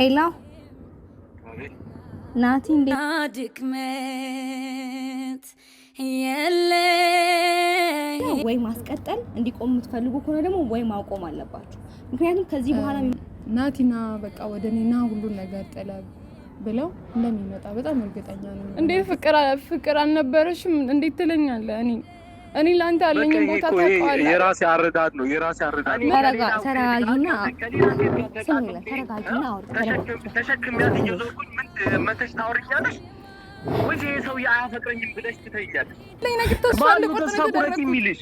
ሄሎ ናቲ፣ ድክመት የለ ወይ ማስቀጠል እንዲቆም የምትፈልጉ ከሆነ ደግሞ ወይ ማቆም አለባችሁ። ምክንያቱም ከዚህ በኋላ ናቲና በቃ ወደ እኔና ሁሉን ነገር ጥለ ብለው እንደሚመጣ በጣም እርግጠኛ ነው። እንዴት ፍቅር አልነበረሽም? እንዴት ትለኛለህ እኔ እኔ ለአንተ ያለኝ ቦታ ታውቀዋለህ። የራሴ አረዳድ ነው። የራሴ አረዳድ ነው። ተረጋ፣ ተረጋጊና ተረጋጊና አውሪ። ተሸክሚያት እየዞርኩኝ ምን መተሽ ታወሪኛለሽ ወይስ ይሄ አያፈቅረኝም ብለሽ የሚልሽ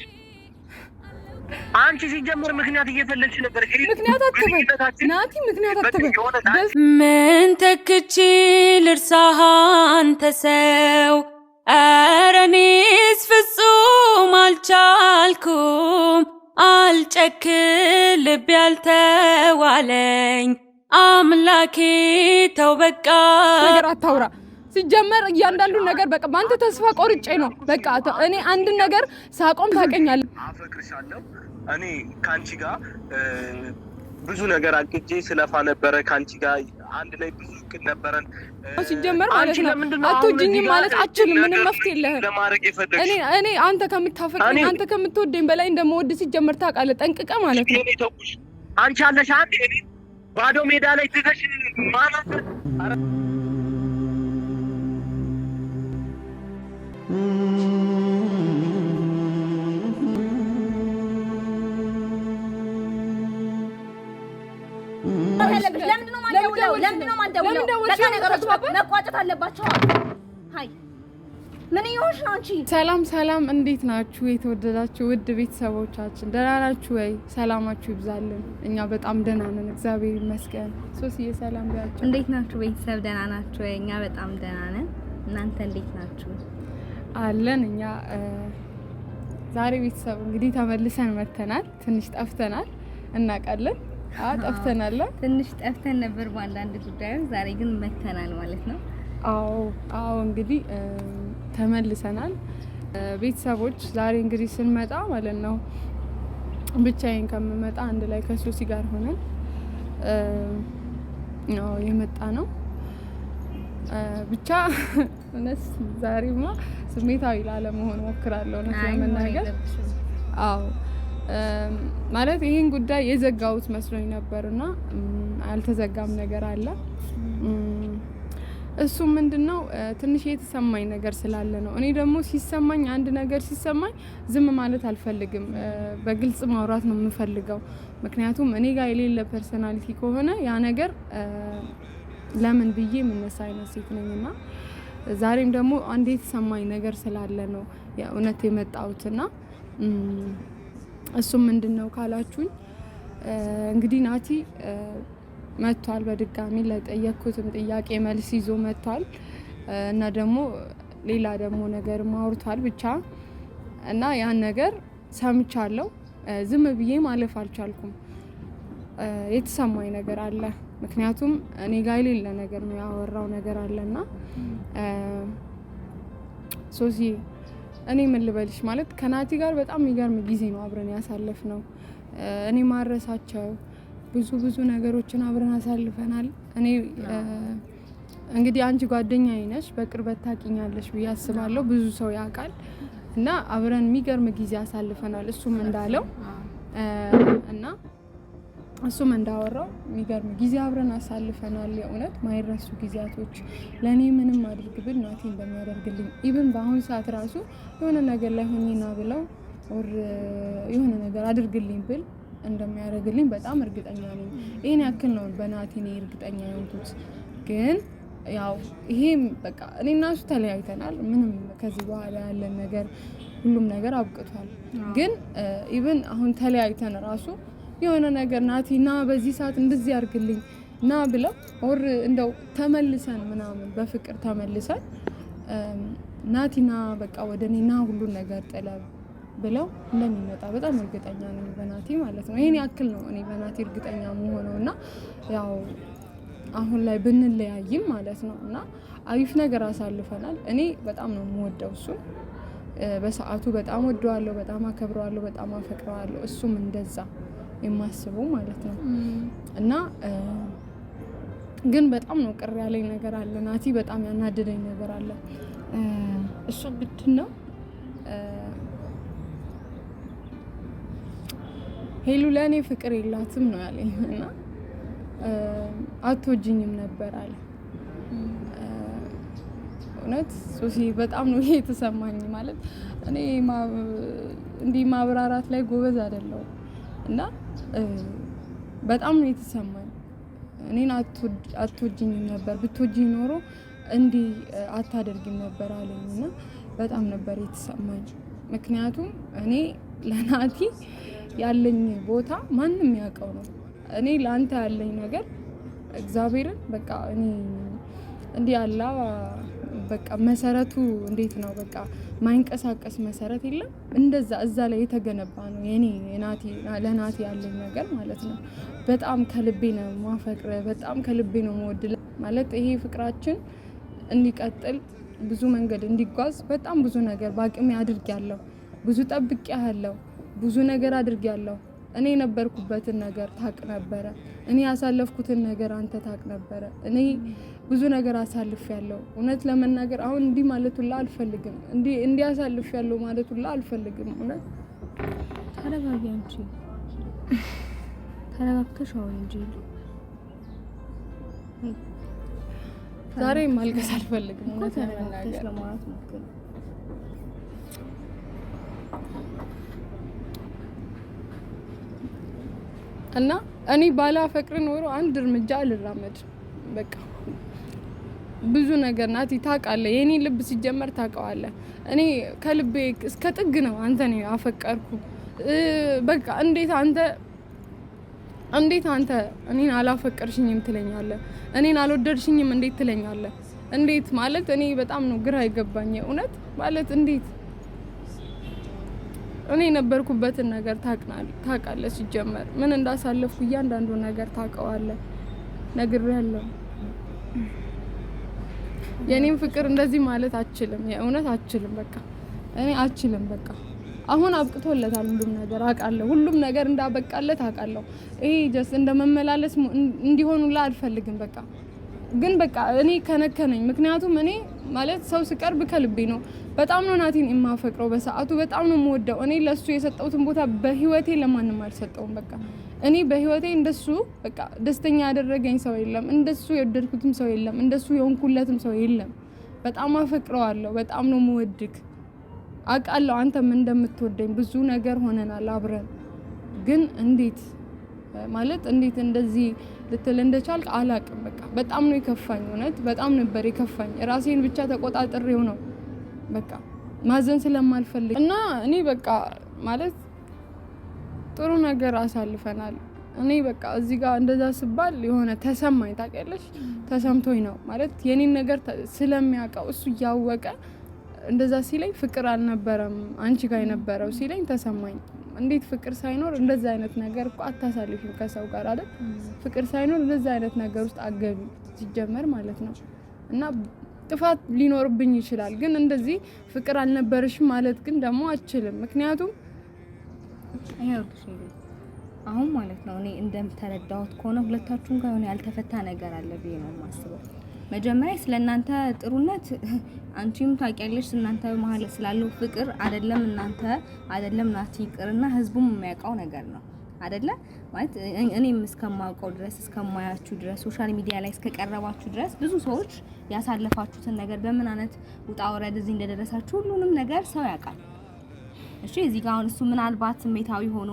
አንቺ ሲጀምር ምክንያት እየፈለግሽ ነበር። ምክንያት አትበል ናቲ፣ ምክንያት አትበል። ምን ተክቼ ልርሳህ አንተ ሰው ኧረ እኔስ ፍጹም አልቻልኩም አልጨክል ልብ ያልተዋለኝ አምላኬ ተው በቃ ነገር አታውራ። ሲጀመር እያንዳንዱ ነገር በቃ በአንተ ተስፋ ቆርጬ ነው። በቃ እኔ አንድ ነገር ሳቆም ታውቀኛለህ። አፈቅርሻለሁ እኔ ከአንቺ ጋር ብዙ ነገር አቅጄ ስለፋ ነበረ ከአንቺ ጋር አንድ ላይ ብዙ እቅድ ነበረን። ሲጀመር ማለት ነው አትወጂኝም ማለት አችልም። ምንም መፍትሄ የለህም። እኔ አንተ ከምታፈቅ አንተ ከምትወደኝ በላይ እንደመወድ ሲጀመር ታውቃለህ ጠንቅቀ ማለት ነው። አንቺ አለሽ አንድ ባዶ ሜዳ ላይ ትተሽ ማናት መቋጨት አለባቸው። ምን እየሆንሽ ነው አንቺ? ሰላም ሰላም፣ እንዴት ናችሁ የተወደዳችሁ ውድ ቤተሰቦቻችን? ደህና ናችሁ ወይ? ሰላማችሁ ይብዛልን። እኛ በጣም ደህና ነን፣ እግዚአብሔር ይመስገን። ሶስዬ ሰላም ብያቸው። እንዴት ናችሁ ቤተሰብ? ደህና ናችሁ ወይ? እኛ በጣም ደህና ነን። እናንተ እንዴት ናችሁ? አለን እኛ። ዛሬ ቤተሰብ እንግዲህ ተመልሰን መተናል። ትንሽ ጠፍተናል፣ እናውቃለን ጠፍተናል። ትንሽ ጠፍተን ነበር በአንዳንድ ጉዳዮች፣ ዛሬ ግን መተናል ማለት ነው። አዎ አዎ፣ እንግዲህ ተመልሰናል ቤተሰቦች። ዛሬ እንግዲህ ስንመጣ ማለት ነው ብቻዬን ከምመጣ አንድ ላይ ከሶሲ ጋር ሆነን ነው የመጣ ነው። ብቻ እነስ ዛሬማ ስሜታዊ ላለመሆን ሞክራለሁ እውነት ለመናገር አዎ ማለት ይህን ጉዳይ የዘጋሁት መስሎኝ ነበር እና አልተዘጋም ነገር አለ። እሱም ምንድን ነው ትንሽ የተሰማኝ ነገር ስላለ ነው። እኔ ደግሞ ሲሰማኝ አንድ ነገር ሲሰማኝ ዝም ማለት አልፈልግም፣ በግልጽ ማውራት ነው የምፈልገው። ምክንያቱም እኔ ጋር የሌለ ፐርሰናሊቲ ከሆነ ያ ነገር ለምን ብዬ የምነሳ አይነት ሴት ነኝ እና ዛሬም ደግሞ አንድ የተሰማኝ ነገር ስላለ ነው የእውነት የመጣውትና? እሱም ምንድን ነው ካላችሁኝ እንግዲህ ናቲ መጥቷል። በድጋሚ ለጠየቅኩትም ጥያቄ መልስ ይዞ መጥቷል እና ደግሞ ሌላ ደግሞ ነገር ማውርቷል ብቻ እና ያን ነገር ሰምቻለሁ። ዝም ብዬ ማለፍ አልቻልኩም። የተሰማኝ ነገር አለ። ምክንያቱም እኔ ጋ የሌለ ነገር ነው ያወራው ነገር አለና ሶሲ እኔ ምን ልበልሽ ማለት ከናቲ ጋር በጣም የሚገርም ጊዜ ነው አብረን ያሳለፍ ነው። እኔ ማረሳቸው ብዙ ብዙ ነገሮችን አብረን አሳልፈናል። እኔ እንግዲህ አንቺ ጓደኛ ይነሽ በቅርበት ታቂኛለሽ ብዬ አስባለሁ። ብዙ ሰው ያውቃል እና አብረን የሚገርም ጊዜ አሳልፈናል እሱም እንዳለው እና እሱም እንዳወራው የሚገርም ጊዜ አብረን አሳልፈናል። የእውነት ማይረሱ ጊዜያቶች ለእኔ ምንም አድርግ ብል ናቴ እንደሚያደርግልኝ ኢብን በአሁኑ ሰዓት ራሱ የሆነ ነገር ላይ ሆኜና ብለው የሆነ ነገር አድርግልኝ ብል እንደሚያደርግልኝ በጣም እርግጠኛ ነኝ። ይህን ያክል ነው በናቴ እኔ እርግጠኛ የሆንኩት። ግን ያው ይሄም በቃ እኔ እና እሱ ተለያይተናል። ምንም ከዚህ በኋላ ያለን ነገር ሁሉም ነገር አብቅቷል። ግን ኢብን አሁን ተለያይተን ራሱ የሆነ ነገር ናቲ ና በዚህ ሰዓት እንደዚህ አርግልኝ ና ብለው ወር እንደው ተመልሰን ምናምን በፍቅር ተመልሰን ናቲና በቃ ወደ እኔ ና ሁሉን ነገር ጥለ ብለው እንደሚመጣ በጣም እርግጠኛ ነኝ በናቲ ማለት ነው። ይህን ያክል ነው እኔ በናቲ እርግጠኛ መሆነው እና ያው አሁን ላይ ብንለያይም ማለት ነው እና አሪፍ ነገር አሳልፈናል። እኔ በጣም ነው የምወደው እሱ በሰዓቱ በጣም ወደዋለሁ፣ በጣም አከብረዋለሁ፣ በጣም አፈቅረዋለሁ። እሱም እንደዛ የማስቡ ማለት ነው እና ግን በጣም ነው ቅር ያለኝ ነገር አለ። ናቲ በጣም ያናደደኝ ነገር አለ። እሱ ብድን ነው ሄሉ ለእኔ ፍቅር የላትም ነው ያለኝ እና አትወጂኝም ነበር አለ። እውነት ሶሲ በጣም ነው ይሄ የተሰማኝ። ማለት እኔ እንዲህ ማብራራት ላይ ጎበዝ አይደለሁም እና በጣም ነው የተሰማኝ። እኔን አትወጅኝም ነበር፣ ብትወጅኝ ኖሮ እንዲህ አታደርግም ነበር አለኝ እና በጣም ነበር የተሰማኝ። ምክንያቱም እኔ ለናቲ ያለኝ ቦታ ማንም ያውቀው ነው። እኔ ለአንተ ያለኝ ነገር እግዚአብሔርን በቃ እኔ እንዲህ ያላ በቃ መሰረቱ እንዴት ነው በቃ ማይንቀሳቀስ መሰረት የለም። እንደዛ እዛ ላይ የተገነባ ነው የኔ ለናቲ ያለኝ ነገር ማለት ነው። በጣም ከልቤ ነው ማፈቅረ በጣም ከልቤ ነው መወድ ማለት ይሄ ፍቅራችን እንዲቀጥል ብዙ መንገድ እንዲጓዝ በጣም ብዙ ነገር በአቅሜ አድርግ ያለው ብዙ ጠብቅ ያለው ብዙ ነገር አድርግ ያለው እኔ የነበርኩበትን ነገር ታቅ ነበረ። እኔ ያሳለፍኩትን ነገር አንተ ታቅ ነበረ። እኔ ብዙ ነገር አሳልፍ ያለው እውነት ለመናገር አሁን እንዲህ ማለት ሁላ አልፈልግም። እንዲህ እንዲህ አሳልፍ ያለው ማለት ሁላ አልፈልግም። እውነት ተረጋጊ፣ አንቺ ተረጋግተሽ አሁን እንጂ ዛሬ ማልቀስ አልፈልግም። እውነት ተረጋግተሽ ለማለት ሞክር። እና እኔ ባላፈቅር ኖሮ አንድ እርምጃ አልራመድ በቃ ብዙ ነገር ናቲ ታቃለ የኔ ልብ ሲጀመር ታቀዋለ እኔ ከልቤ እስከ ጥግ ነው አንተ ነው አፈቀርኩ። በቃ እንዴት አንተ እንዴት አንተ እኔን አላፈቀርሽኝም ትለኛለ እኔን አልወደድሽኝም እንዴት ትለኛለ እንዴት ማለት እኔ በጣም ነው ግራ ይገባኝ። እውነት ማለት እንዴት እኔ የነበርኩበትን ነገር ታቃለ ሲጀመር ምን እንዳሳለፍኩ እያንዳንዱ ነገር ነግር ያለው የእኔም ፍቅር እንደዚህ ማለት አችልም፣ የእውነት አችልም። በቃ እኔ አችልም። በቃ አሁን አብቅቶለታል ሁሉም ነገር አውቃለሁ። ሁሉም ነገር እንዳበቃለት አውቃለሁ። ይሄ ጀስት እንደመመላለስ እንዲሆኑላ አልፈልግም። በቃ ግን በቃ እኔ ከነከነኝ። ምክንያቱም እኔ ማለት ሰው ስቀርብ ከልቤ ነው። በጣም ነው ናቲን የማፈቅረው፣ በሰዓቱ በጣም ነው የምወደው። እኔ ለሱ የሰጠሁትን ቦታ በህይወቴ ለማንም አልሰጠውም። በቃ እኔ በህይወቴ እንደሱ በቃ ደስተኛ ያደረገኝ ሰው የለም። እንደሱ የወደድኩትም ሰው የለም። እንደሱ የሆንኩለትም ሰው የለም። በጣም አፈቅረዋለሁ። በጣም ነው የምወድክ። አውቃለሁ አንተም እንደምትወደኝ ብዙ ነገር ሆነናል አብረን። ግን እንዴት ማለት እንዴት እንደዚህ ልትል እንደቻልክ አላቅም። በቃ በጣም ነው የከፋኝ። እውነት በጣም ነበር የከፋኝ። ራሴን ብቻ ተቆጣጥሬው ነው በቃ ማዘን ስለማልፈልግ እና እኔ በቃ ማለት ጥሩ ነገር አሳልፈናል። እኔ በቃ እዚህ ጋር እንደዛ ስባል የሆነ ተሰማኝ፣ ታውቂያለሽ፣ ተሰምቶኝ ነው ማለት የኔን ነገር ስለሚያውቀው እሱ እያወቀ እንደዛ ሲለኝ ፍቅር አልነበረም አንቺ ጋር የነበረው ሲለኝ ተሰማኝ። እንዴት ፍቅር ሳይኖር እንደዚ አይነት ነገር እኮ አታሳልፊም ከሰው ጋር አይደል? ፍቅር ሳይኖር እንደዚ አይነት ነገር ውስጥ አገቢ ሲጀመር ማለት ነው። እና ጥፋት ሊኖርብኝ ይችላል፣ ግን እንደዚህ ፍቅር አልነበረሽም ማለት ግን ደግሞ አችልም ምክንያቱም አሁን ማለት ነው እኔ እንደምተረዳሁት ከሆነ ሁለታችሁም ጋር የሆነ ያልተፈታ ነገር አለ ብዬ ነው የማስበው። መጀመሪያ ስለ እናንተ ጥሩነት አንቺም ታውቂያለሽ፣ እናንተ መሀል ስላለው ፍቅር አይደለም እናንተ አይደለም ናት ይቅርና ህዝቡም የሚያውቀው ነገር ነው አይደለ ማለት እኔም እስከማውቀው ድረስ እስከማያችሁ ድረስ ሶሻል ሚዲያ ላይ እስከቀረባችሁ ድረስ ብዙ ሰዎች ያሳለፋችሁትን ነገር በምን አይነት ውጣ ወረድ እዚህ እንደደረሳችሁ ሁሉንም ነገር ሰው ያውቃል። እሺ እዚህ ጋር አሁን እሱ ምናልባት ስሜታዊ ሆኖ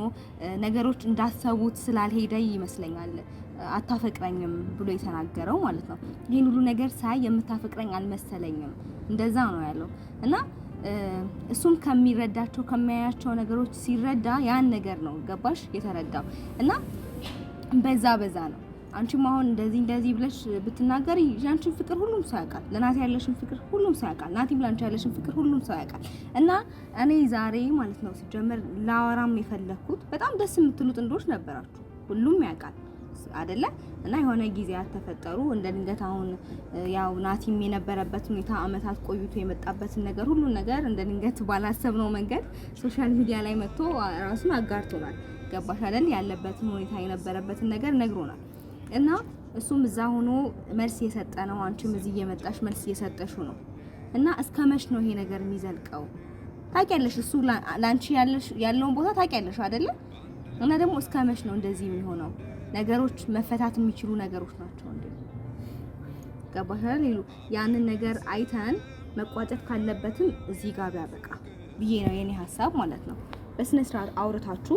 ነገሮች እንዳሰቡት ስላልሄደ ይመስለኛል አታፈቅረኝም ብሎ የተናገረው ማለት ነው። ይህን ሁሉ ነገር ሳይ የምታፈቅረኝ አልመሰለኝም እንደዛ ነው ያለው እና እሱም ከሚረዳቸው ከሚያያቸው ነገሮች ሲረዳ ያን ነገር ነው ገባሽ የተረዳው እና በዛ በዛ ነው አንቺም አሁን እንደዚህ እንደዚህ ብለሽ ብትናገሪ ያንቺን ፍቅር ሁሉም ሰው ያውቃል። ለናቲ ያለሽን ፍቅር ሁሉም ሰው ያውቃል። ናቲም ያለሽን ፍቅር ሁሉም ሰው ያውቃል። እና እኔ ዛሬ ማለት ነው ሲጀመር ላወራም የፈለግኩት በጣም ደስ የምትሉ ጥንዶች ነበራችሁ፣ ሁሉም ያውቃል አይደለ እና የሆነ ጊዜ ተፈጠሩ። እንደ ድንገት አሁን ያው ናቲም የነበረበት ሁኔታ አመታት ቆይቶ የመጣበትን ነገር ሁሉ ነገር እንደ ድንገት ባላሰብነው መንገድ ሶሻል ሚዲያ ላይ መጥቶ ራሱን አጋርቶናል። ገባሽ አይደል? ያለበትን ሁኔታ የነበረበትን ነገር ነግሮናል። እና እሱም እዛ ሆኖ መልስ እየሰጠ ነው። አንቺም እዚህ እየመጣሽ መልስ እየሰጠሹ ነው። እና እስከ መች ነው ይሄ ነገር የሚዘልቀው? ታውቂያለሽ፣ እሱ ላንቺ ያለውን ቦታ ታውቂያለሽ አይደለ? እና ደግሞ እስከ መች ነው እንደዚህ የሚሆነው? ነገሮች መፈታት የሚችሉ ነገሮች ናቸው እንዴ? ገባሻል? ይሉ ያንን ነገር አይተን መቋጨት ካለበትም እዚህ ጋር ቢያበቃ ብዬ ነው የኔ ሀሳብ ማለት ነው። በስነ ስርዓት አውርታችሁ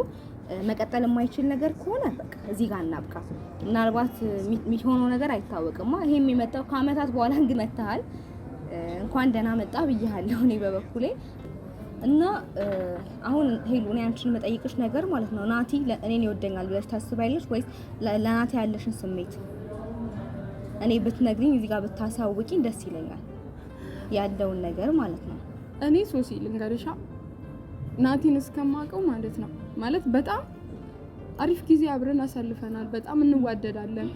መቀጠል የማይችል ነገር ከሆነ በቃ እዚህ ጋር እናብቃ። ምናልባት የሚሆነው ነገር አይታወቅማ። ይሄ የሚመጣው ከአመታት በኋላ ግን መጥተሃል፣ እንኳን ደህና መጣ ብያለሁ እኔ በበኩሌ እና አሁን ሄሉ እኔ አንቺን መጠይቅሽ ነገር ማለት ነው ናቲ እኔን ይወደኛል ብለሽ ታስባለሽ ወይስ ለናቲ ያለሽን ስሜት እኔ ብትነግሪኝ እዚህ ጋር ብታሳውቂኝ ደስ ይለኛል፣ ያለውን ነገር ማለት ነው። እኔ ሶሲ ልንገርሻ ናቲን እስከማውቀው ማለት ነው ማለት በጣም አሪፍ ጊዜ አብረን አሳልፈናል። በጣም እንዋደዳለን።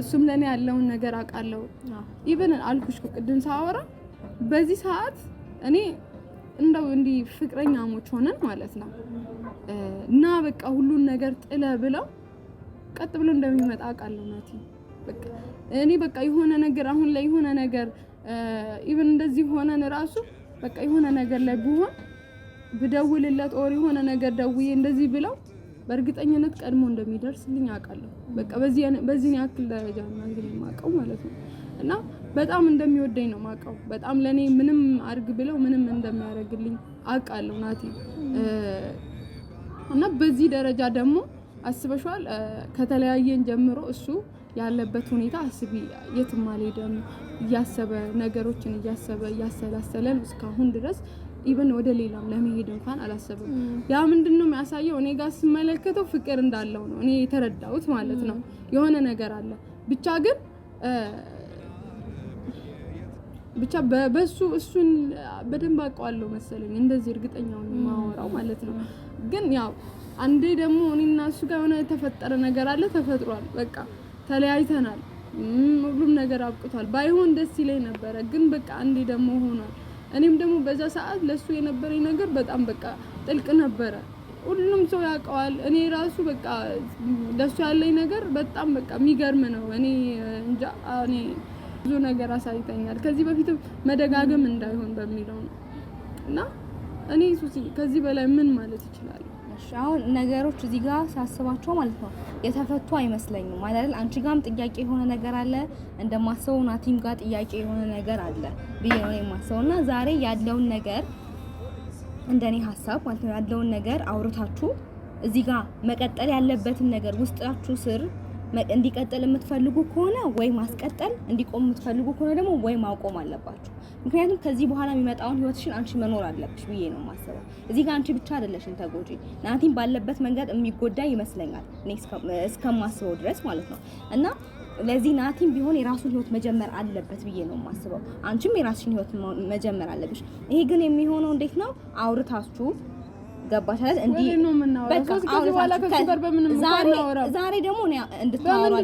እሱም ለእኔ ያለውን ነገር አውቃለሁ። ኢቨን አልኩሽ ቅድም ሳወራ በዚህ ሰዓት እኔ እንደው እንዲህ ፍቅረኛሞች ሆነን ማለት ነው እና በቃ ሁሉን ነገር ጥለ ብለው ቀጥ ብሎ እንደሚመጣ አውቃለሁ ናቲ። በቃ እኔ በቃ የሆነ ነገር አሁን ላይ የሆነ ነገር ኢቨን እንደዚህ ሆነን እራሱ በቃ የሆነ ነገር ላይ ብሆን ብደውልለት ኦር የሆነ ነገር ደውዬ እንደዚህ ብለው በእርግጠኝነት ቀድሞ እንደሚደርስልኝ አውቃለሁ። በቃ በዚህ ያክል ደረጃ ነው እንግዲህ የማውቀው ማለት ነው። እና በጣም እንደሚወደኝ ነው የማውቀው። በጣም ለእኔ ምንም አድርግ ብለው ምንም እንደሚያደርግልኝ አውቃለሁ ናቲ። እና በዚህ ደረጃ ደግሞ አስበሽዋል። ከተለያየን ጀምሮ እሱ ያለበት ሁኔታ አስቢ፣ የትም አልሄደም እያሰበ ነገሮችን እያሰበ እያሰላሰለ እስካሁን ድረስ ኢቨን ወደ ሌላም ለመሄድ እንኳን አላሰብም። ያ ምንድን ነው የሚያሳየው? እኔ ጋር ስመለከተው ፍቅር እንዳለው ነው እኔ የተረዳሁት ማለት ነው። የሆነ ነገር አለ ብቻ ግን ብቻ በሱ እሱን በደንብ አውቀዋለሁ መሰለኝ እንደዚህ እርግጠኛውን የማወራው ማለት ነው። ግን ያው አንዴ ደግሞ እኔና እሱ ጋር የሆነ የተፈጠረ ነገር አለ ተፈጥሯል። በቃ ተለያይተናል። ሁሉም ነገር አብቅቷል። ባይሆን ደስ ይለኝ ነበረ፣ ግን በቃ አንዴ ደግሞ ሆኗል። እኔም ደግሞ በዛ ሰዓት ለሱ የነበረኝ ነገር በጣም በቃ ጥልቅ ነበረ። ሁሉም ሰው ያውቀዋል። እኔ ራሱ በቃ ለሱ ያለኝ ነገር በጣም በቃ የሚገርም ነው። እኔ እንጃ እኔ ብዙ ነገር አሳይተኛል። ከዚህ በፊትም መደጋገም እንዳይሆን በሚለው ነው እና እኔ ሱሲ ከዚህ በላይ ምን ማለት ይችላል? ነሽ። አሁን ነገሮች እዚህ ጋር ሳስባቸው ማለት ነው የተፈቱ አይመስለኝም አይደል? አንቺ ጋም ጥያቄ የሆነ ነገር አለ እንደማስበው፣ ናቲም ጋር ጥያቄ የሆነ ነገር አለ ብዬ ነው የማስበው። እና ዛሬ ያለውን ነገር እንደኔ ሀሳብ ማለት ነው ያለውን ነገር አውርታችሁ እዚህ ጋር መቀጠል ያለበትን ነገር ውስጣችሁ ስር እንዲቀጥል የምትፈልጉ ከሆነ ወይ ማስቀጠል፣ እንዲቆም የምትፈልጉ ከሆነ ደግሞ ወይ ማቆም አለባችሁ። ምክንያቱም ከዚህ በኋላ የሚመጣውን ህይወትሽን አንቺ መኖር አለብሽ ብዬ ነው የማስበው። እዚህ ጋር አንቺ ብቻ አይደለሽም ተጎጂ፣ ናቲም ባለበት መንገድ የሚጎዳ ይመስለኛል እስከማስበው ድረስ ማለት ነው እና ለዚህ ናቲም ቢሆን የራሱን ህይወት መጀመር አለበት ብዬ ነው የማስበው። አንቺም የራስሽን ህይወት መጀመር አለብሽ። ይሄ ግን የሚሆነው እንዴት ነው አውርታችሁ ገባሽ አይደል? እንዲህ በቃ ዛሬ ደግሞ እንድታወሩ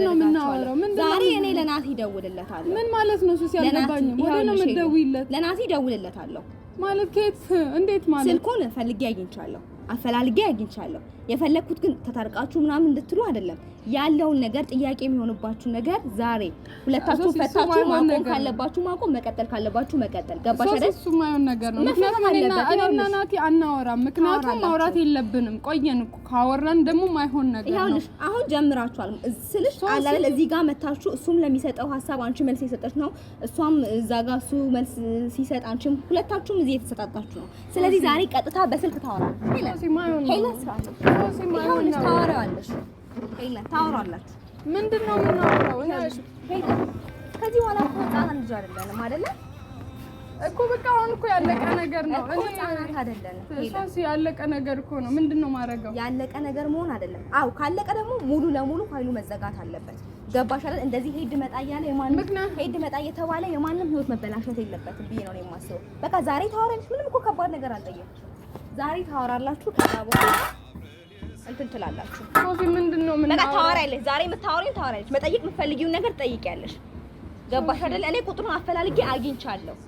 ዛሬ እኔ ለናቲ እደውልለታለሁ። ምን ማለት ነው? ሱስ ያልገባኝም ወደ ነው ማለት ከየት እንዴት ማለት ስልኩን ፈልጌ አግኝቻለሁ፣ አፈላልጌ አግኝቻለሁ የፈለግኩት ግን ተታርቃችሁ ምናምን እንድትሉ አይደለም። ያለውን ነገር ጥያቄ የሚሆንባችሁ ነገር ዛሬ ሁለታችሁ ፈታችሁ ማቆም ካለባችሁ ማቆም፣ መቀጠል ካለባችሁ መቀጠል። ገባሽ አይደል? እሱ ማይሆን ነገር ነው። ምክንያቱም እኔና ናቲ አናወራም። ምክንያቱም ማውራት የለብንም ቆየን እኮ ካወራን ደግሞ ማይሆን ነገር ነው። ይኸውልሽ አሁን ጀምራችኋል ስልሽ አለ እዚህ ጋር መታችሁ እሱም ለሚሰጠው ሀሳብ አንቺ መልስ የሰጠች ነው፣ እሷም እዛ ጋር እሱ መልስ ሲሰጥ አንቺም፣ ሁለታችሁም እዚህ የተሰጣጣችሁ ነው። ስለዚህ ዛሬ ቀጥታ በስልክ ታወራለህ ሄለን ታወራለሽ። ታወራላችሁ ምንድን ነው የምናወራው? ከዚህ በኋላ ህፃናት ልጅ አይደለንም አይደለ እኮ በቃ አሁን እኮ ያለቀ ነገር ነው እኮ ህፃናት አይደለንም። ያለቀ ነገር እኮ ነው። ምንድን ነው የማደርገው? ያለቀ ነገር መሆን አይደለም። አዎ ካለቀ ደግሞ ሙሉ ለሙሉ ፋይሉ መዘጋት አለበት። ገባሽ አይደል? እንደዚህ ሄድ መጣ እያለ የማንም ሄድ መጣ እየተባለ የማንም ህይወት መበላሸት የለበትም ብዬ ነው የማስበው። በቃ ዛሬ ታወራለች። ምንም እኮ ከባድ ነገር አልጠየኩም። ዛሬ ታወራላችሁ ከዛ በኋላ እንትን ትላላችሁ። ሶፊ ምንድን ነው ምን ታወራለሽ? ዛሬ የምታወሪው ታወራለሽ፣ መጠየቅ የምትፈልጊውን ነገር ትጠይቂያለሽ። ገባሽ አይደል? እኔ ቁጥሩን አፈላልጌ አግኝቻለሁ።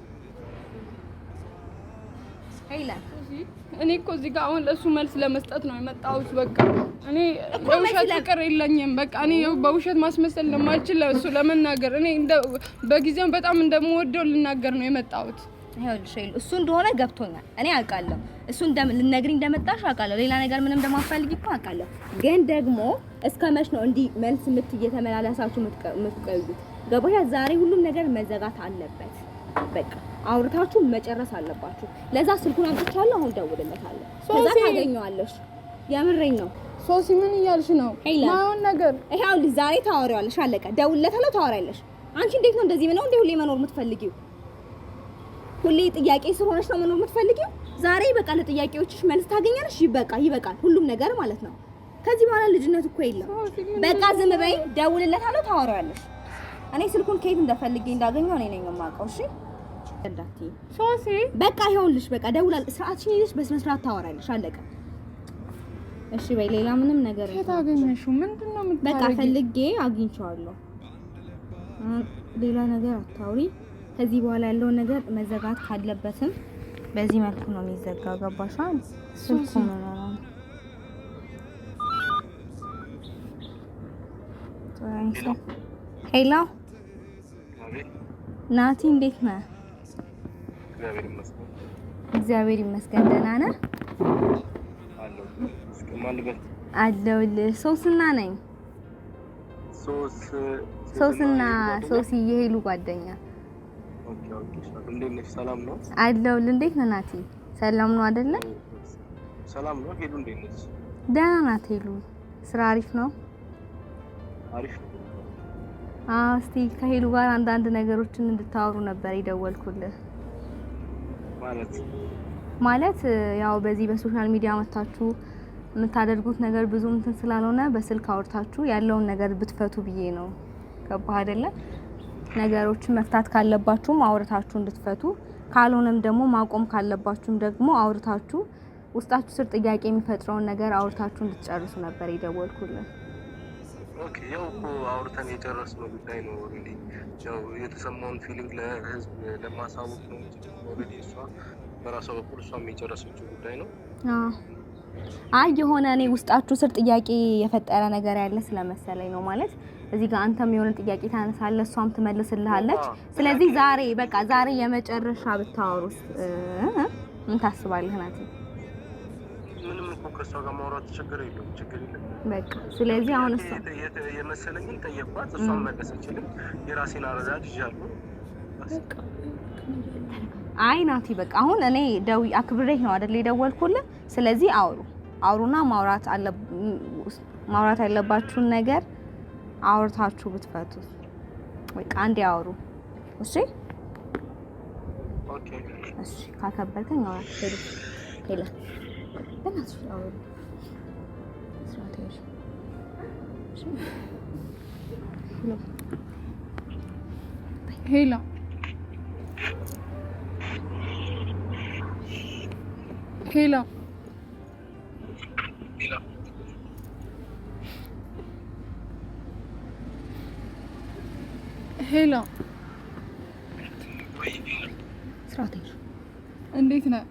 እኔ እኮ እዚህ ጋር አሁን ለእሱ መልስ ለመስጠት ነው የመጣሁት። በቃ እኔ የውሸት ፍቅር የለኝም። በቃ እኔ በውሸት ማስመሰል ለማልችል ለእሱ ለመናገር እኔ በጊዜው በጣም እንደምወደው ልናገር ነው የመጣሁት። ይኸውልሽ እሱ እንደሆነ ገብቶኛል። እኔ አውቃለሁ። እሱ ልነግሪኝ እንደመጣሽ አውቃለሁ። ሌላ ነገር ምንም እንደማፈልግ እኮ አውቃለሁ። ግን ደግሞ እስከ መች ነው እንዲህ መልስ ምት እየተመላለሳችሁ የምትቀዩት? ገቦታ ዛሬ ሁሉም ነገር መዘጋት አለበት። በቃ አውርታችሁ መጨረስ አለባችሁ። ለዛ ስልኩን አምጥቻለሁ። አሁን ደውልለታለሁ። ከዛ ታገኘዋለሽ። የምሬኝ ነው። ሶሲ ምን እያልሽ ነው? ማይሆን ነገር ይሄ ዛሬ ታወሪዋለሽ። አለቀ። ደውልለታለሁ። ታወሪያለሽ። አንቺ እንዴት ነው እንደዚህ ምነው እንደ ሁሌ መኖር የምትፈልጊው? ሁሌ ጥያቄ ስለሆነች ነው መኖር የምትፈልጊው? ዛሬ በቃ ለጥያቄዎችሽ መልስ ታገኛለሽ። ይበቃ ይበቃል፣ ሁሉም ነገር ማለት ነው። ከዚህ በኋላ ልጅነት እኮ የለም። በቃ ዝም በይ፣ ደውልለታለሁ፣ ታወሪያለሽ። እኔ ስልኩን ከየት እንደፈልጌ እንዳገኘው እኔ ነኝ የማውቀው። እሺ ሶሲ። በቃ ይኸውልሽ፣ በቃ ደውላል። ስርዓትሽን ይዘሽ በስነ ስርዓት ታወሪያለሽ። አለቀ። እሺ በይ። ሌላ ምንም ነገር ታገኘሽው? ምንድን ነው በቃ ፈልጌ አግኝቼዋለሁ። ሌላ ነገር አታውሪ ከዚህ በኋላ ያለው ነገር መዘጋት ካለበትም በዚህ መልኩ ነው የሚዘጋው። ገባሻ? ስልኩ ሄሎ ናቲ፣ እንዴት ነህ? እግዚአብሔር ይመስገን ደህና ነህ? አለሁልህ። ሶስና ነኝ። ሶስና ሶስ ሄሉ ጓደኛ ሰላም ነው አለሁልህ። እንዴት ነው ናቲ? ሰላም ነው አይደለ? ሰላም ነው። ሄሉ እንዴት ነች? ደህና ናት ሄሉ። ስራ አሪፍ ነው? አሪፍ ነው። አዎ። እስቲ ከሄሉ ጋር አንዳንድ ነገሮችን እንድታወሩ ነበር የደወልኩልህ። ማለት ማለት ያው በዚህ በሶሻል ሚዲያ መታችሁ የምታደርጉት ነገር ብዙ እንትን ስላልሆነ በስልክ አውርታችሁ ያለውን ነገር ብትፈቱ ብዬ ነው። ገባህ አይደለ? ነገሮችን መፍታት ካለባችሁም አውርታችሁ እንድትፈቱ ካልሆነም ደግሞ ማቆም ካለባችሁም ደግሞ አውርታችሁ ውስጣችሁ ስር ጥያቄ የሚፈጥረውን ነገር አውርታችሁ እንድትጨርሱ ነበር የደወልኩልን። ኦኬ ያው እኮ አውርተን የጨረስነው ጉዳይ ነው። ኦልሬዲ ያው የተሰማውን ፊሊንግ ለህዝብ ለማሳወቅ ነው እንጂ ኦልሬዲ እሷ በራሷ በኩል እሷም የጨረሰችው ጉዳይ ነው። አይ የሆነ እኔ ውስጣችሁ ስር ጥያቄ የፈጠረ ነገር ያለ ስለመሰለኝ ነው ማለት እዚህ ጋር አንተም የሆነ ጥያቄ ታነሳለህ፣ እሷም ትመልስልሃለች። ስለዚህ ዛሬ በቃ ዛሬ የመጨረሻ ብታወሩት ምን ታስባለህ? ናት ምንም እኮ ከእሷ ጋር ማውራት ችግር ችግር የለም። በቃ ስለዚህ አሁን እሷ የመሰለኝን ጠየኳት፣ መለሰችልኝ። የራሴን አረዳድ ይዣለሁ። አይ ናቲ በቃ አሁን እኔ ደዊ አክብሬህ ነው አይደል የደወልኩልህ። ስለዚህ አውሩ አውሩና ማውራት አለ ማውራት ያለባችሁን ነገር አውርታችሁ ብትፈቱት ወይ አንድ ያወሩ። እሺ እሺ ካከበርከኝ አውራ ሄደ ሄለ በእናትሽ አውሩ። ሄሎ ሄሎ ሄሎ ሄሎ፣ ስራት እንዴት ነህ?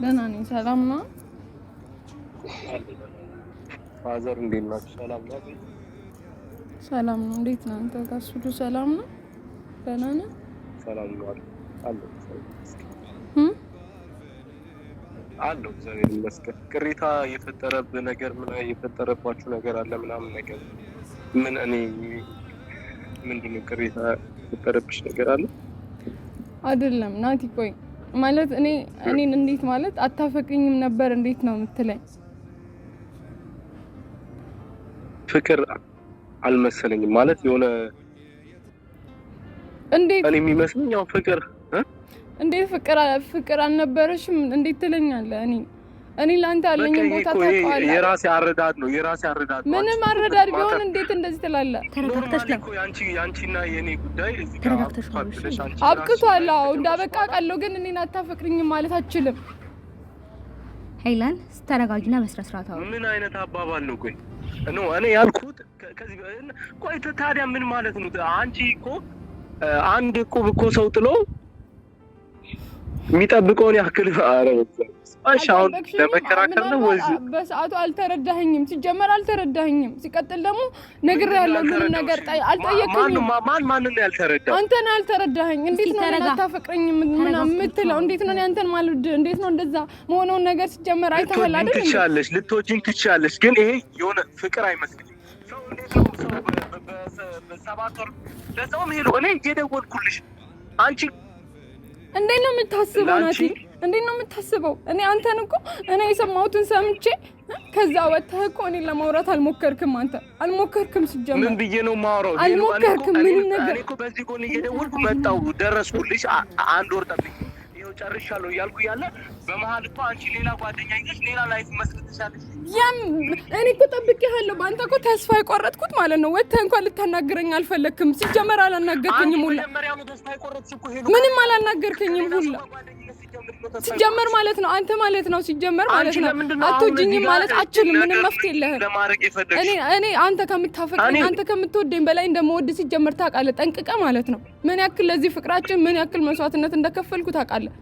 ደህና ነኝ። ሰላም ነው። ፋዘር እንዴት ናችሁ? ሰላም ነው። ሰላም ነው። እንዴት ነው? አንተ ጋር ሁሉ ሰላም ነው? ደህና ነህ? ሰላም ነው አለ አለው። እግዚአብሔር ይመስገን። ቅሬታ የፈጠረብህ ነገር ምን የፈጠረባችሁ ነገር አለ ምናምን ነገር ምን እኔ ምንድነው ቅሬታ የፈጠረብሽ ነገር አለ? አይደለም ናቲ፣ ቆይ ማለት እኔ እኔን እንዴት ማለት አታፈቅኝም ነበር እንዴት ነው የምትለኝ? ፍቅር አልመሰለኝም ማለት የሆነ እንዴት እኔ የሚመስለኝ ያው ፍቅር እንዴት ፍቅር ፍቅር አልነበረሽም እንዴት ትለኛለህ? እኔ እኔ ላንተ ያለኝ ቦታ ታውቀዋለህ። የራሴ አረዳድ ነው የራሴ አረዳድ ነው። ምንም አረዳድ ቢሆን እንዴት እንደዚህ ትላለህ? ተረጋግተሽ ነው ያንቺ ያንቺና የኔ ጉዳይ እዚህ ጋር አብቅቷል። አዎ እንዳበቃ ቃለው ግን እኔን አታፈቅርኝም ማለት አችልም። ሄይላን ስተረጋጅና በስነ ስርዓት አውሪ። ምን አይነት አባባል ነው? ቆይ ኖ እኔ ያልኩት ከዚህ ቆይ ታዲያ ምን ማለት ነው? አንቺ እኮ አንድ ቁብ እኮ ሰው ጥሎ የሚጠብቀውን ያክል አሁን ለመከራከር ነው ወይ? በሰዓቱ አልተረዳኸኝም። ሲጀመር አልተረዳኸኝም። ሲቀጥል ደግሞ ነገር ያለው ምንም ነገር አልጠየቀኝም። ማን ማንን ያልተረዳ? አንተን አልተረዳኸኝ። እንዴት ነው አታፈቅረኝ ምናምን የምትለው? እንዴት ነው አንተን ማልወድ? እንዴት ነው እንደዛ መሆነውን ነገር ሲጀመር አይተኸል አይደል? ትችያለሽ፣ ልትወጂኝ ትችያለሽ፣ ግን ይሄ የሆነ ፍቅር አይመስልኝም። ሰው ሰው በሰባት ወር ለሰውም ሄዶ እኔ እየደወልኩልሽ አንቺ እንዴት ነው የምታስበው? ናቲ እንዴት ነው የምታስበው? እኔ አንተን እኮ እኔ የሰማሁትን ሰምቼ ከዛ ወጥተህ እኮ እኔ ለማውራት አልሞከርክም። አንተ አልሞከርክም። ሲጀመር ምን ብዬ ነው የማወራው? አልሞከርክም። ምንም ነገር እኔ እኮ በዚህ ጎን እየደወልኩ መጣሁ፣ ደረስኩልሽ። አንድ ወር ጠብቂኝ ጨርሻለሁ እያልኩ እያለ በመሀል እኮ አንቺ ሌላ ጓደኛ ይዘሽ ሌላ ላይፍ መስርተሻለሽ። ያም እኔ እኮ ጠብቄሃለሁ። በአንተ እኮ ተስፋ የቆረጥኩት ማለት ነው። ወጥተህ እንኳን ልታናግረኝ አልፈለግክም። ሲጀመር አላናገርከኝም። ሁላ ምንም አላናገርከኝም። ሁላ ሲጀመር ማለት ነው አንተ ማለት ነው ሲጀመር ማለት ነው አትወጂኝም ማለት አችልም። ምንም መፍትሄ የለህም። እኔ እኔ አንተ ከምታፈቅረኝ አንተ ከምትወደኝ በላይ እንደምወድ ሲጀመር ታውቃለህ ጠንቅቀህ ማለት ነው። ምን ያክል ለዚህ ፍቅራችን ምን ያክል መስዋዕትነት እንደከፈልኩ ታውቃለህ።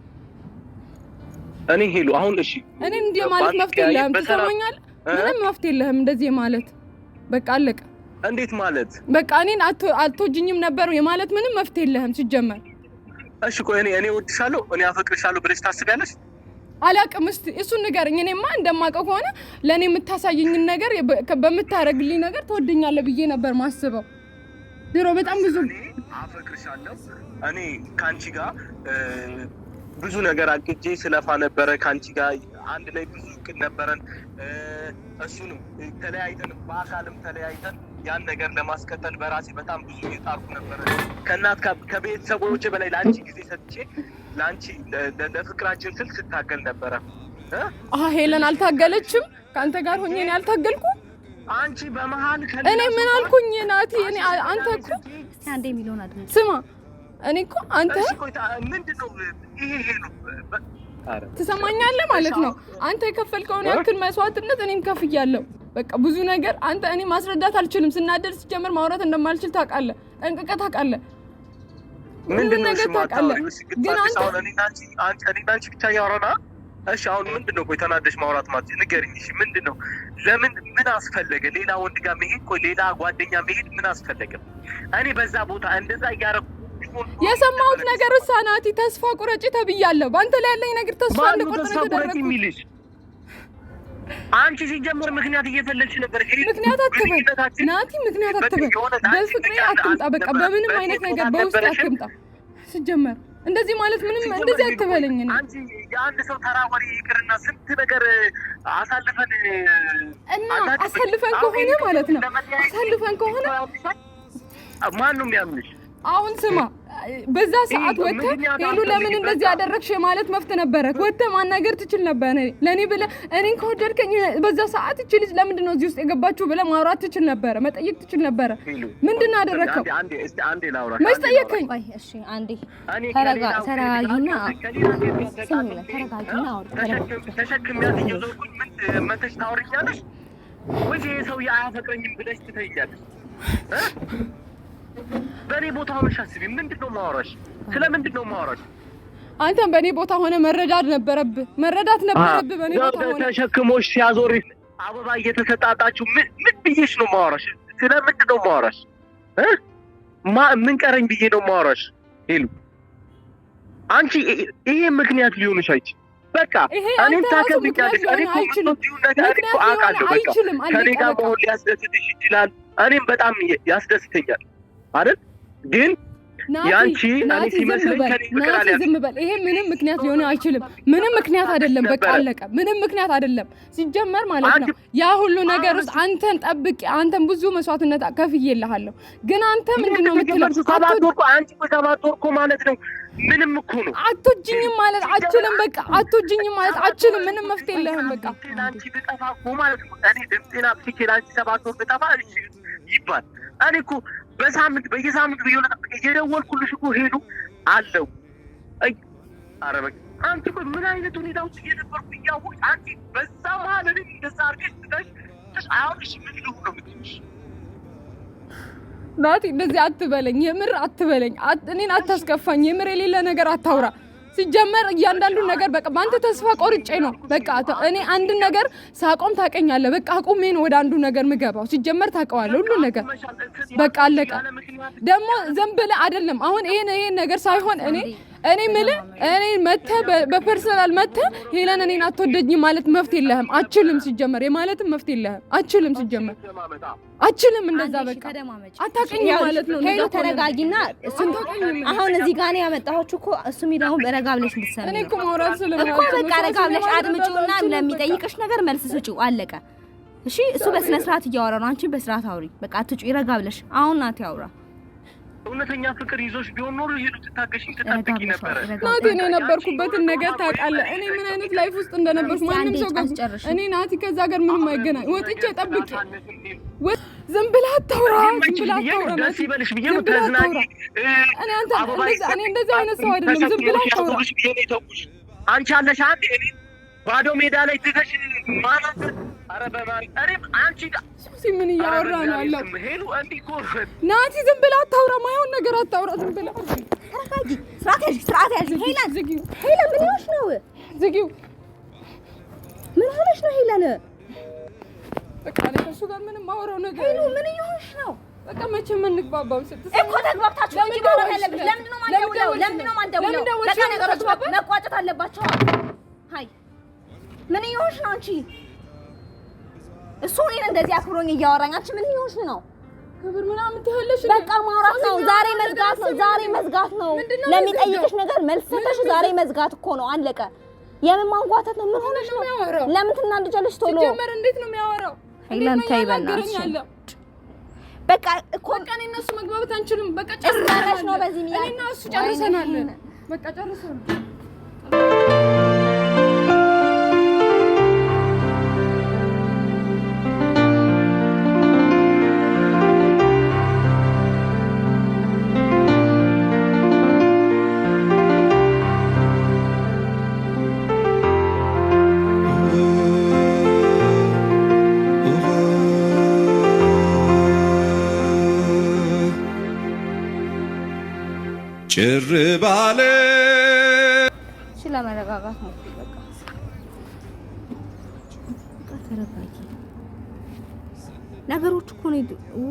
እኔ ሄሎ አሁን እሺ፣ እኔ እንዲህ ማለት መፍትሄ የለህም። ትሰማኛለህ? ምንም መፍትሄ የለህም። እንደዚህ ማለት በቃ አለቀ። እንዴት ማለት በቃ እኔን አትወጂኝም ነበር የማለት ምንም መፍትሄ የለህም ሲጀመር። እሺ ቆይ እኔ እኔ እወድሻለሁ እኔ አፈቅርሻለሁ ብለሽ ታስቢያለሽ? አላቅም። እስኪ እሱን ንገረኝ። እኔማ እንደማውቀው ከሆነ ለእኔ የምታሳየኝን ነገር በምታረግልኝ ነገር ትወደኛለህ ብዬ ነበር ማስበው ድሮ። በጣም ብዙ አፈቅርሻለሁ እኔ ከአንቺ ጋር ብዙ ነገር አግጄ ስለፋ ነበረ ከአንቺ ጋር አንድ ላይ ብዙ እቅድ ነበረን። እሱንም ተለያይተን በአካልም ተለያይተን ያን ነገር ለማስከተል በራሴ በጣም ብዙ የጣርኩ ነበረ። ከእናት ከቤተሰቦች በላይ ለአንቺ ጊዜ ሰጥቼ ለአንቺ ለፍቅራችን ስል ስታገል ነበረ። ሄለን አልታገለችም። ከአንተ ጋር ሆኜ እኔ አልታገልኩ። አንቺ በመሀል እኔ ምን አልኩኝ? ናቲ እኔ አንተ እኮ ስማ እኔ እኮ አንተ ምንድነው ይሄ ይሄ ነው ትሰማኛለህ ማለት ነው። አንተ የከፈልከውን ያክል መስዋዕትነት እኔም ከፍያለሁ። በቃ ብዙ ነገር አንተ እኔ ማስረዳት አልችልም። ስናደድ ሲጀምር ማውራት እንደማልችል ታውቃለህ፣ ጠንቅቀህ ታውቃለህ፣ ምንድን ነገር ታውቃለህ። ግን አንተ እኔና አንቺ ብቻ ያወራና እሺ አሁን ምንድን ነው ቆይ ተናደሽ ማውራት ማለት ንገሪኝ። እሺ ምንድን ነው ለምን ምን አስፈለገ? ሌላ ወንድ ጋር መሄድ ቆይ ሌላ ጓደኛ መሄድ ምን አስፈለገ? እኔ በዛ ቦታ እንደዛ እያረኩ የሰማሁት ነገር ውሳ ናቲ ተስፋ ቁረጭ ተብያለሁ። በአንተ ላይ ያለኝ ነገር ተስፋ እንደቆረጥ ነው የተደረግኩት። አንቺ ሲጀምር ምክንያት እየፈለግሽ ነበር። ምክንያት አትበል ናቲ፣ ምክንያት አትበል። በፍቅሬ አትምጣ፣ በቃ በምንም አይነት ነገር በውስጥ አትምጣ። ሲጀመር እንደዚህ ማለት ምንም እንደዚህ አትበለኝ። አንቺ የአንድ ሰው ተራ ወሬ ይቅርና ስንት ነገር አሳልፈን እና አሳልፈን ከሆነ ማለት ነው አሳልፈን ከሆነ ማን ነው የሚያምንሽ? አሁን ስማ፣ በዛ ሰዓት ወጥተህ ሄሉ ለምን እንደዚህ ያደረግሽ ማለት መፍት ነበረ። ወጥተህ ማናገር ትችል ነበር። ለእኔ ብለህ እኔን ከወደድከኝ በዛ ሰዓት እቺ ልጅ ለምንድን ነው እዚህ ውስጥ የገባችሁ ብለህ ማውራት ትችል ነበረ፣ መጠየቅ ትችል ነበረ። ምንድን ነው ያደረግከው? መች ጠየቅከኝ? እሺ አንዴ ተረጋጊና ተረጋጊና ተሸክሚያት እየዞርኩኝ ምን መተሽ ወይ ሰው የአያፈቅረኝም ብለሽ ትተኛለሽ? በእኔ ቦታ ሆነሽ አስቢ። ምንድን ነው የማወራሽ? ስለምንድን ነው አንተም በእኔ ቦታ ሆነ መረዳት ነበረብ መረዳት ነበረብ። በእኔ ቦታ ሆነ ተሸክሞሽ ሲያዞር አበባ እየተሰጣጣችሁ ምን ብዬሽ ነው የማወራሽ? ስለምንድን ነው ማ ምን ቀረኝ ብዬ ነው ማወራሽ? ሄሉ አንቺ ይሄ ምክንያት ሊሆንሽ አይች በቃ እኔም ታከብኛለሽ። እኔ ሊሆን አይችልም። ከኔ ጋር መሆን ሊያስደስትሽ ይችላል። እኔም በጣም ያስደስተኛል። አይደል? ግን ያንቺ ሲመስለኝ ዝም በል። ይሄ ምንም ምክንያት ሊሆን አይችልም። ምንም ምክንያት አይደለም። በቃ አለቀ። ምንም ምክንያት አይደለም። ሲጀመር ማለት ነው ያ ሁሉ ነገር ውስጥ አንተን ጠብቄ አንተን ብዙ መስዋዕትነት ከፍዬልሃለሁ። ግን አንተ ምንድን ነው የምትለው? አንቺ ሰባት ማለት ነው ምንም እኮ ነው። አትወጂኝም ማለት አችልም። በቃ አትወጂኝም ማለት አችልም። ምንም መፍትሄ የለህም። በቃ አንቺ ብጠፋ እኮ ማለት ነው እኔ ድምጤና ብትኬ ለአንቺ ሰባት ወር ብጠፋ ይባል እኔ እኮ በሳምንት በየሳምንት በየሁለት እየደወልኩልሽ እኮ ሄዱ አለው። ኧረ በቃ አንቺ እኮ ምን አይነት ሁኔታ ውስጥ እየነበርኩ እያወቅሽ አንቺ በዛ መሀል እኔ እንደዛ አድርገሽ ትተሽ አሁንሽ ምን ልሁ ነው የምትልሽ? ናቲ እንደዚህ አትበለኝ፣ የምር አትበለኝ፣ እኔን አታስከፋኝ፣ የምር የሌለ ነገር አታውራ። ሲጀመር እያንዳንዱ ነገር በቃ በአንተ ተስፋ ቆርጬ ነው። በቃ እኔ አንድ ነገር ሳቆም ታቀኛለ በቃ አቁሜ ነው ወደ አንዱ ነገር ምገባው። ሲጀመር ታውቀዋለህ ሁሉ ነገር በቃ አለቀ። ደግሞ ዘንብለ አይደለም አሁን ይሄን ይሄን ነገር ሳይሆን እኔ እኔ የምልህ እኔ መተ በፐርሰናል መተ ሄለን እኔን አትወደኝም ማለት መፍት የለህም፣ አችልም። ሲጀመር የማለትም መፍት የለህም፣ አችልም። ሲጀመር አችልም። እንደዛ በቃ አታቀኝ ማለት ነው። ሄሎ ተረጋጊና፣ አሁን እዚህ ጋር ነው ያመጣኋችሁ እኮ እሱ ሚዳሁን አሁን ረጋ ብለሽ ልትሰሚ እኔ እኮ ማውራት ስለማውራት እኮ በቃ ረጋ ብለሽ አድምጪውና ለሚጠይቅሽ ነገር መልስ ስጪው። አለቀ። እሺ፣ እሱ በስነ ስርዓት እያወራ ነው፣ አንቺ በስርዓት አውሪ። በቃ አትጩ፣ ረጋ ብለሽ አሁን ናት ያውራ እውነተኛ ፍቅር ይዞሽ ቢሆን ኖሮ ይሄዱ ትታገሽ ትጠብቂ ነበረ። ናቲ እኔ የነበርኩበትን ነገር ታውቃለህ። እኔ ምን አይነት ላይፍ ውስጥ እንደነበርኩ ማንም ሰው እኔ ናቲ ከዛ ሀገር ምንም አይገናኝ ወጥቼ ጠብቂ። ዝም ብላ አታውራ፣ ዝም ብላ አታውራ፣ ዝም ብላ አታውራ። እኔ አንተ እኔ እንደዚህ አይነት ሰው አይደለም። ዝም ብላ አታውራ። አንቺ አለሽ አንድ ባዶ ሜዳ ላይ ትተሽ ማናት ምን እያወራ ነው ያለው? ናቲ ዝም ብለህ አታውራ፣ ማይሆን ነገር አታውራ። ዝም ብለህ ስርዓት ያዥ። ሄላ ምን ሆነሽ ነው? ዝጊው። ምን ሆነሽ ነው ሄላ? በቃ እኔ ከእሱ ጋር ምንም የማወራው ነገር የለም። ምን እየሆንሽ ነው? በቃ መቼም እንግባባም እኮ ተግባብታችሁ እንጂ ለምንድን ነው የማንደውለው? ለምንድን ነው የማንደውለው? በቃ ነገሮች መቋጨት አለባቸው። ምን እየሆንሽ ነው አንቺ? እሱ እኔን እንደዚህ አክብሮኝ እያወራኝ አንቺ ምን ይሆንሽ ነው? ክብር ምናምን ትያለሽ። በቃ ማውራት ነው ዛሬ መዝጋት ነው ዛሬ መዝጋት ነው። ለሚጠይቅሽ ነገር መልስ ዛሬ መዝጋት እኮ ነው አለቀ። የምን ማንጓተት ነው? ምን ሆነሽ ነው? ለምን ትናንድጃለሽ? ቶሎ ጀመር። እንዴት ነው የሚያወራው? ሄለን ተይ በእናትሽ በቃ እኮ በቃ እኔ እና እሱ መግባባት አንችልም። በቃ ጨርሰናል ነው በዚህ ሚያ እኔ እና እሱ ጨርሰናል። በቃ ጨርሰናል። ሀይሚዬ ነገሮች እኮ ነው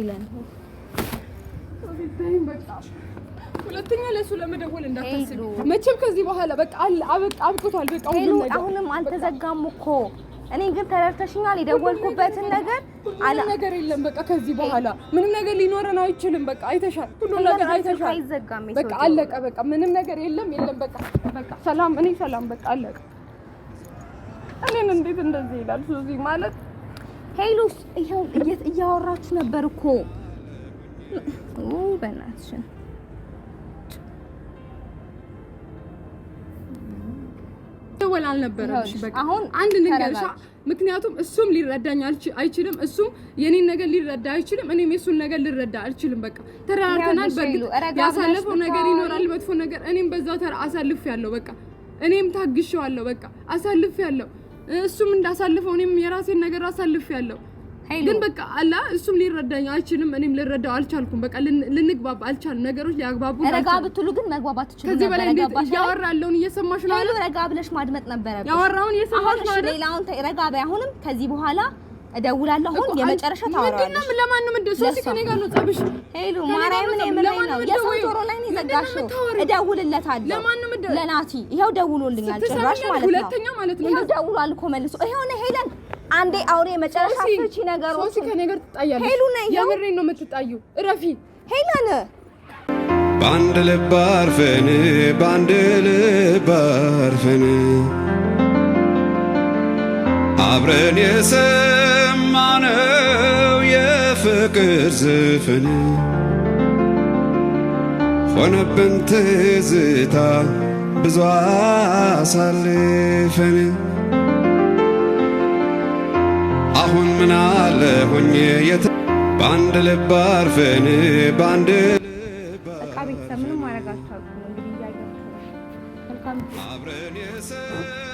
ይላል። ሁለተኛ ለእሱ ለመደወል እንዳታስብ መቼም። ከዚህ በኋላ በቃ አብቅቷል። በቃ አሁንም አልተዘጋም እኮ እኔ ግን ተረድተሽኛል። የደወልኩበትን ነገር አላ ነገር የለም። በቃ ከዚህ በኋላ ምንም ነገር ሊኖረን አይችልም። በቃ አይተሻል፣ ሁሉ ነገር አይተሻል። በቃ አለቀ። በቃ ምንም ነገር የለም፣ የለም። በቃ በቃ ሰላም፣ እኔ ሰላም፣ በቃ አለቀ። እኔን እንዴት እንደዚህ ይላል? ሱዚ ማለት ሄሉስ፣ ይኸው እያወራችሁ ነበር እኮ በእናትሽን ደወል አልነበረብሽ። በቃ አሁን አንድ ልንገርሻ፣ ምክንያቱም እሱም ሊረዳኝ አይችልም፣ እሱም የኔን ነገር ሊረዳ አይችልም፣ እኔም የሱን ነገር ልረዳ አልችልም። በቃ ተራርተናል። በእርግጥ ያሳለፈው ነገር ይኖራል፣ መጥፎ ነገር እኔም በዛ ተራ አሳልፍ ያለው በቃ እኔም ታግሼዋለሁ፣ በቃ አሳልፍ ያለው እሱም እንዳሳልፈው እኔም የራሴን ነገር አሳልፍ ያለው ግን በቃ አላ እሱም ሊረዳኝ አይችልም፣ እኔም ልረዳው አልቻልኩም። በቃ ልንግባብ አልቻልም። ነገሮች ሊያግባቡ ረጋ ብትሉ ግን መግባባት ትችሉ። ከዚህ በላይ እንዴት ያወራለውን እየሰማሽ ነው? ረጋ ብለሽ ማድመጥ ነበረ። ያወራውን እየሰማሽ ነው? ሌላውን ረጋ ባይ። አሁንም ከዚህ በኋላ እደውላለሁ አሁን የመጨረሻ ታወራለሽ። ምንድነው? ለማን ነው የምትደውይው? ሶሲ ከኔ ጋር ነው ጸብሽ። ሄሎ ማርያምን የምለኝ ነው የሰው ላይ ነው የዘጋሽው። እደውልለታለሁ። ለማን ነው የምትደውይው? ለናቲ። ይሄው ደውሎልኛል። ጭራሽ ማለት ነው ሁለተኛው ማለት ነው። ይኸው ደውሏል እኮ መልሶ። ነው ሄለን አንዴ አውሬ የመጨረሻ ፍቺ ነገር ሶሲ ከኔ ጋር ትጣያለሽ። ሄሉ ነው የምሬን ነው የምትጣዩ። እረፊ ሄለን። በአንድ ልብ አርፈን በአንድ ልብ አርፈን አብረን የሰ የፍቅር ዝፍን ሆነብን ትዝታ ብዙ አሳልፈን አሁን ምን አለ ሆኜ የተ በአንድ ልብ አርፈን በአንድ ልብ አብረን የሰ